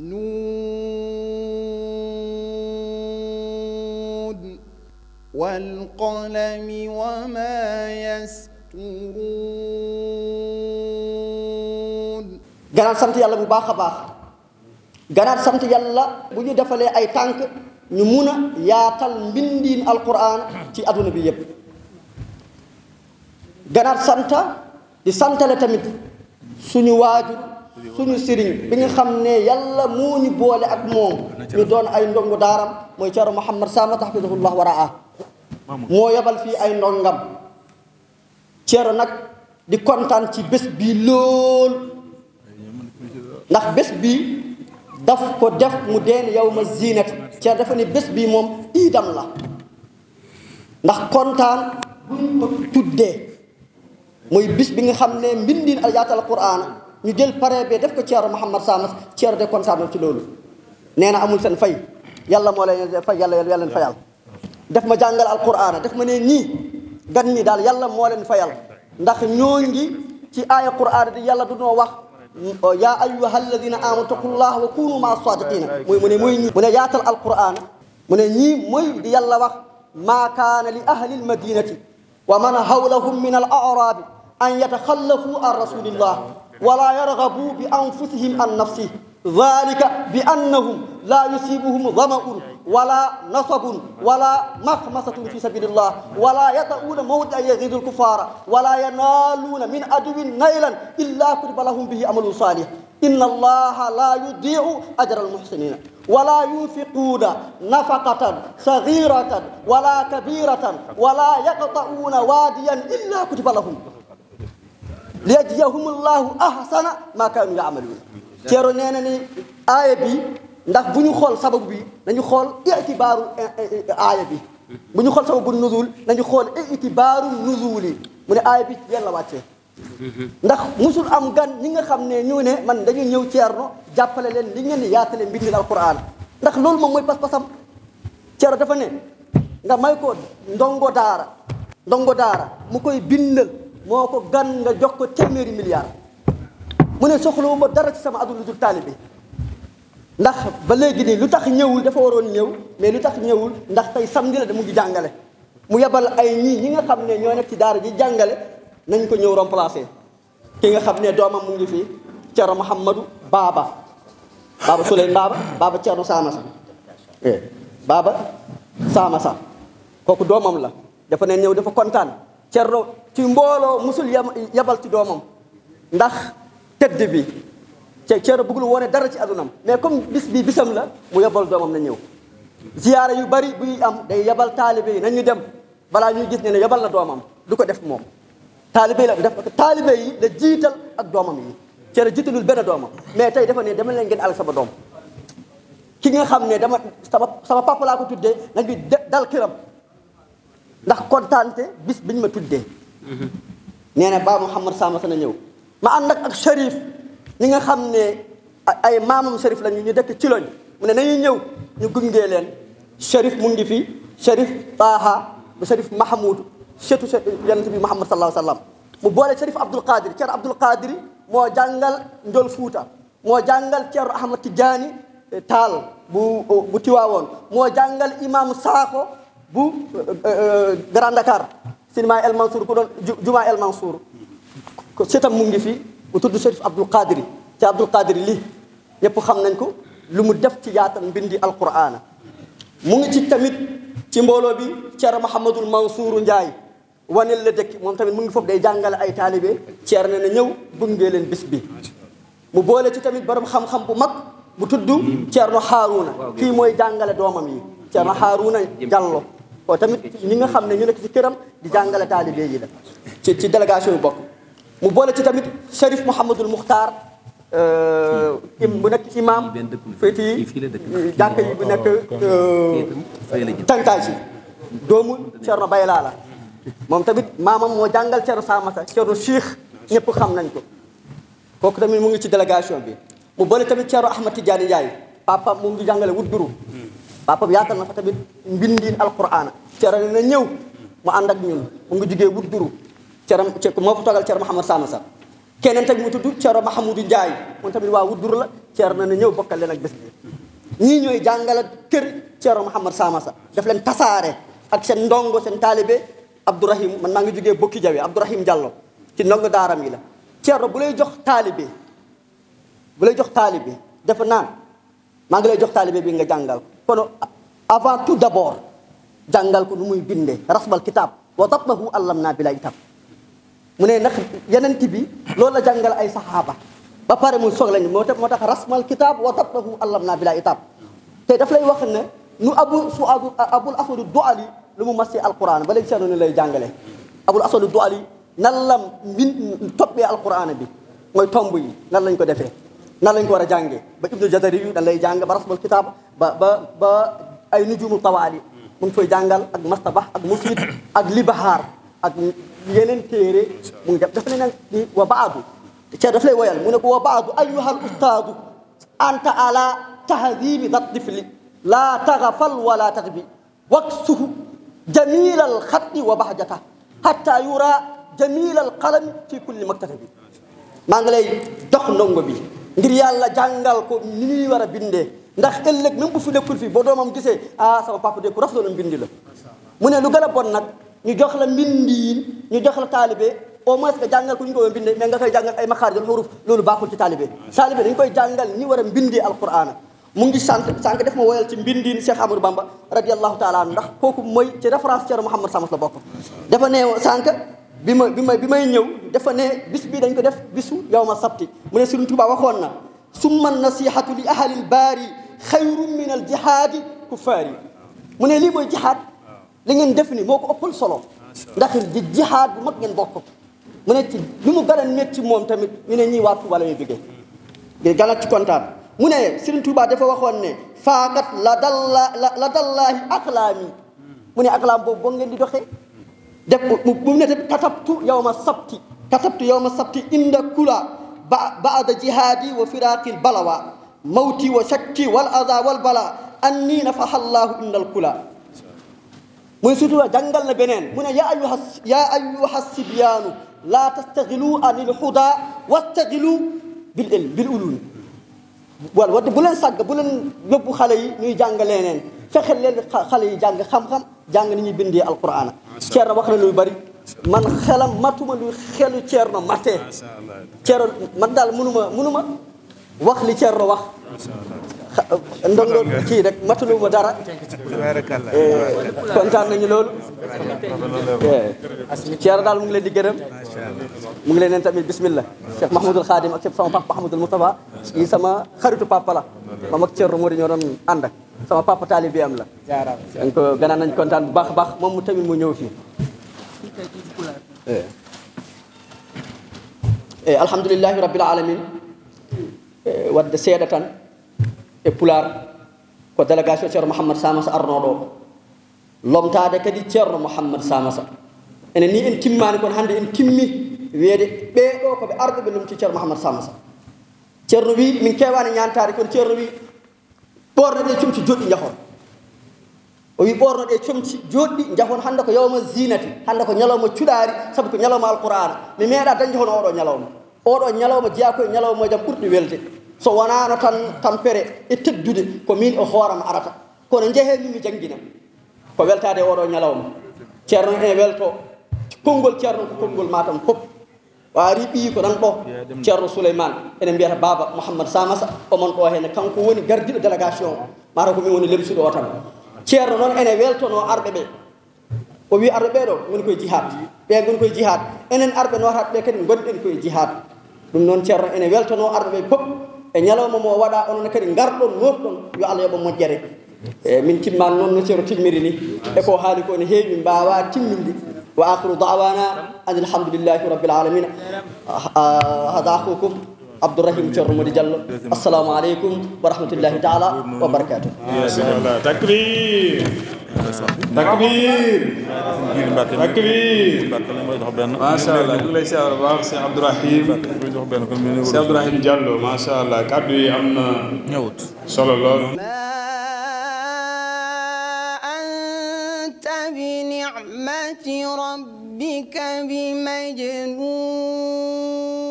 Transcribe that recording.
نون والقلم وما يسترون gannaaw sant yàlla bu baax a baax gannaaw sant yàlla bu ñu defalee ay tànk ñu mun a yaatal mbindiin alquran ci adduna bi yépp gannaaw sant di santale tamit suñu waajur suñu sëriñ bi nga xam ne yàlla moo ñu boole ak moom ñu doon ay ndongu daaram mooy Ceerno Mouhamed Samata hafidahullah wa raa moo yebal fii ay ndongam Ceerno nag di kontaan ci bés bii lool ndax bés bi daf ko def mu deen yow ma ziinat Ceerno dafa ne bés bii moom iidam la ndax kontaan buñ mooy bis bi nga xam ne mbindin al yaatal quraan ñu jël pare be def ko Thierno Mouhamed Samas Thierno de kontaanoo ci loolu nee na amul seen fay yàlla moo leen fay yàlla yàlla def ma jàngal alquran def ma ne nii gan ñi daal yàlla moo leen fayal ndax ñooñ ngi ci aaya quran di yàlla du noo wax yaa ayyuha alladina amanu taqullaha wa kunu maa sadiqina muy mu ne muy ñi mu ne yaatal alquran mu ne ñii mooy di yalla wax maa kaana li ahli almadinati wa man hawlahum min al arabi an yataxallafu an rasulillah wala yargabu bi anfusihim an nafsi dalika bi annahum la yusibuhum damaun wala nasabun wala mahmasatun fi sabilillah wala yata'uuna mawdi'an yagiidu lkuffara wala yanaaluuna min aduwin naylan illa kutiba lahum bihi amalun salih inna allaha la yudii'u ajra almuhsinina ولا ينفقون نفقة صغيرة ولا كبيرة ولا يقطعون واديا إلا كتب لهم liyajziyahumullahu ahsana maa kaanu yaamaluun ceero nee na ni aaya bi ndax bu ñu xool sababu bi nañu xool itibaaru eh, eh, eh, aaya bi bu ñu xool sababu nuzul nañu xool itibaaru nuzul yi mu ne aaya bi yéen la ndax musul am gan ñi nga xam ne ñu ne man dañu ñëw ceerno jàppale leen li ngeen di yaatale mbindin alquran ndax loolu moom mooy pas-pasam ceero dafa ne nga may ko ndongo daara ndongo daara mu koy bindal moo ko gan nga jox ko téeméeri milliards mu ne soxlawu ma dara ci sama adul lu dul taalibe ndax ba léegi nii lu tax ñëwul dafa waroon ñëw mais lu tax ñëwul ndax tey samedi la da mu ngi jàngale mu yebal ay ñii ñi nga xam ne ñoo nekk ci daara ji jàngale nañ ko ñëw remplacer ki nga xam ne doomam mu ngi fii Thierno Mouhamadou baaba Baba Souley Baba baaba Thierno Samassa eh, Baba Samassa kooku doomam la dafa ne ñëw dafa kontaan cerno ci mbooloo musul yabal ci doomam ndax tëdd bi cerno bëggul woone dara ci adunam mais comme bis bi bisam la mu yabal doomam na ñëw ziyaara yu bari buy am day yabal taalibe yi nañu dem balaa ñuy gis ne ne yabal na doomam du ko def moom taalibe yi la def taalibe yi la jiital ak doomam yi cerno jiitalul benn doomam mais tey dafa ne dama leen ngeen àll sama doom ki nga xam ne dama sama sama papa laa ko tuddee nañu dal kiram ndax kontante bis biñ ma tuddee nee na baa Mouhamad Sama sana ñëw ma ànd ak ak Cherif ñi nga xam ne ay maamam Cherif lañu ñu dëkk ci loñ mu ne nañuy ñëw ñu gungee leen Cherif mu ngi fi Cherif Taha ba Cherif Mahamoud setu yonent bi Mouhamad sallallahu alayhi wa sallam mu boole Cherif Abdoul Qadir Ceerno Abdoul Qadir moo jàngal Ndiol Fouta moo jàngal Ceerno Ahmad Tidiane eh, Taal bu bu Tiwaawoon moo jàngal imaamu Sakho bu euh, euh, Grand Dakar cinéma El Mansour ku doon juma El Mansour setam mu ngi fi bu tudd Chérif Abdoul Qadiri te Abdoul Qadiri lii ñëpp xam nañ ko lu mu def ci yaatal mbindi alqur'ana mu ngi ci tamit ci mbooloo bi Thierno Mouhamadul Mansour Ndiaye waneel la dëkk moom tamit mu ngi foofu day jàngale ay taalibe Thierno na ñëw gunge leen bis bi mu boole ci tamit borom xam-xam bu mag bu tudd na Haaruna kii mooy jàngale doomam yi na Haaruna Diallo ko tamit ñi nga xam ne ñu nekk ci këram di jàngale taalibe yi la ci ci délégation yu bokk mu boole ci tamit Cherif Mouhamadul Mukhtar euh, im bu nekk imam féeti yi jàkk yi bu nekk euh, tànkaay si doomu Cerno bay laala moom tamit maamam moo jàngal cer Samata Cerno Cheikh ñëpp xam nañ ko kooku tamit mu ngi ci délégation bi mu boole tamit Cerno Ahmad Tidiane Ndiaye papa mu ngi jàngale wut duru papa bi yaatal na fa tamit mbindiin alquraan cerane na ñëw mu ànd ak ñun mu ngi jugee wut duru ceram moo fa togal cer Mouhamad Sama Sarr keneen tamit mu tudd cero Mahamadou Ndiaye moom tamit waa wut duru la cer na na ñëw bokkal leen ak bés bi ñii ñooy jàngala kër Sama Sarr daf leen tasaare ak seen ndongo seen taalibe Abdourahim man maa ngi jugee bokki jawe Abdourahim Diallo ci ndongo daaram yi la cerno bu lay jox taalibe bu lay jox taalibe dafa naan maa ngi lay jox taalibe bi nga jàngal kon avant tout d'abord jàngal ko nu muy bindee rasmal kitaab wa dabtahu allam naa bi la itam mu ne ndax yeneen ti bi loolu la jàngal ay saxaaba ba pare muy soog lañu moo tax moo tax rasmal kitaab wa dabtahu allam naa bi la itam te daf lay wax ne nu abu su adu abul aswadu duali lu mu masi alquran ba léegi seetlu ne lay jàngale abul aswadu duali nan lam min toppee alquran bi mooy tomb yi nan lañ ko defee nan lañ ko war a jàngee ba ibnu jatari bi da lay jàng ba rasmul kitaab ba ba ba ay nujumu tawaali mu ngi koy jàngal ak mastabax ak mufiid ak libahaar ak yeneen téere mu def daf ne wa baadu cee daf lay woyal mu ne ko wa baadu ayyuhal ustaadu anta ala tahdibi dat tifli la taxafal wala taxbi waksuhu jamil al xatti wa bahjata hatta yura jamil al qalami fi kulli maktabi maa ngi lay jox bi ngir yàlla jàngal ko ni war a bindee ndax ëllëg même bu fi nekkul fii boo doomam gisee ah sama papa de ku rafetlu mbindi la mu ne lu gën a bon nag ñu jox la mbindiin ñu jox la taalibe au moins que jàngal ku ñu ko bindee mais nga koy jàngal ay maxaarij xuruf loolu baaxul ci taalibe taalibe dañ koy jàngal ni war a mbindee alquraan mu ngi sant sànq def ma woyal ci mbindiin Cheikh Amadou Bamba radiallahu taala anu ndax kooku mooy ci référence Thierno Mouhamed Samas la bi ma bi ma bi may ñëw dafa ne bis bi dañ ko def bisu yow ma sabti mu ne Sëriñ Tuubaa waxoon na summa nasihatu li ahlil baari xayru min al jihaadi kuffaari mu ne lii mooy jihaad li ngeen def ni moo ko ëppal solo ndax di jihaad bu mag ngeen bokk mu ne ci li mu gën a moom tamit ñu ne ñuy waa Tuubaa la ñuy jógee ci kontaan mu ne Sëriñ Tuubaa dafa waxoon ne faakat la dalla la dallaahi aqlaami mu ne aqlaam boobu boo ngeen di doxee def mu ne tamit katabtu yawma sabti katabtu yawma sabti inda kula ba baada jihaadi wa firaqil balawa mawti wa shakki wal ada wal bala anni nafaha allahu indal kula muy surtout jàngal na beneen mu ne yaa ayuha yaa ayuha sibyaanu laa tastaxilu anil huda wastaxilu bil ilm bil ulum wal wa bu leen sàgg bu leen yóbbu xale yi ñuy jàng leneen fexe leen xale yi jàng xam-xam jàng ni ñuy bindee alquraan Ceerno wax na luy bari man xelam matuma luy xelu Ceerno matee cer man daal mënuma mënuma wax li Ceerno wax ndongo kii rek matuluma dara eh, kontaan nañu loolu Ceerno eh, daal mu ngi leen di gërëm mu ngi leen neen tamit bismillah Cheikh Mahmoudul Khadim ak sama papa Mahmoudul Moustapha yi sama xaritu papa la moom ak Ceerno moo di ñoo doon ànd sama papa taalibeem la. jaaraama donc gannaaw nañ kontaan bu baax a baax moom mu tamit mu ñëw fii. eh alhamdulilahi rabbil alamin eh, wadde seeɗa tan e pular ko délégation ceerno mouhammad samasa arnoɗo o lomtade kadi ceerno mouhammad samasa ene en timmani kono hannde en timmi wiyeede ɓeeɗo koɓe arɓe ɓe lomti ceerno mouhammad samasa ceerno wi min kewani ñantade kono ceerno wi ɓorno ɗe comci joɗɗi jahon o wi ɓorno ɗe comci joɗɗi jahon hannde ko yawma zinati hannde ko ñalawma cuɗaari sabu ko ñalawma alqur'ana mi meeɗa dañde hono oɗo ñalawma oɗo ñalawma jeeya koye ñalawma jam ɓurɗo welde so wonano tan tampere e teddude ko min e hoorama arata kono jeehemi mi janggina ko weltade oɗo ñalawma ceerno en welto konngol ceerno ko konngol matam fof waari ɓi ko ɗan ɗo ceerno souleymane ene mbiyata baba mouhammad samasa omon ɗo henne kanko woni gardiɗo délégation mata ko min woni lemsuɗo o tan ceerno noon ene weltono arɓe ɓe o wi arɓe ɓeɗo goni koye jihad ɓe goni koye jihad enen arɓe notaɓe ɓe kadi gonɗen koye jihad ɗum noon ceerno ene weltono arɓe ɓe fof e ñalawma mo waɗa onon kadi garɗon nofɗon yo allah yoɓa moƴƴere e min timman noon no ceerno timmiri ni eko haali ko ne heewi mbawa timminde wa axiru daawaana an alhamdulilahi rabbil alamina hada axukum Abdourahim Thierno Mody Diallo asalaamaaleykum wa rahmatullahi taala wa barakaatu. takbir takbir takbir macha allah ñu ngi lay siyaar baax si Abdourahim si Abdourahim Diallo macha allah kàddu yi am na solo lool. نعمة ربك بمجنون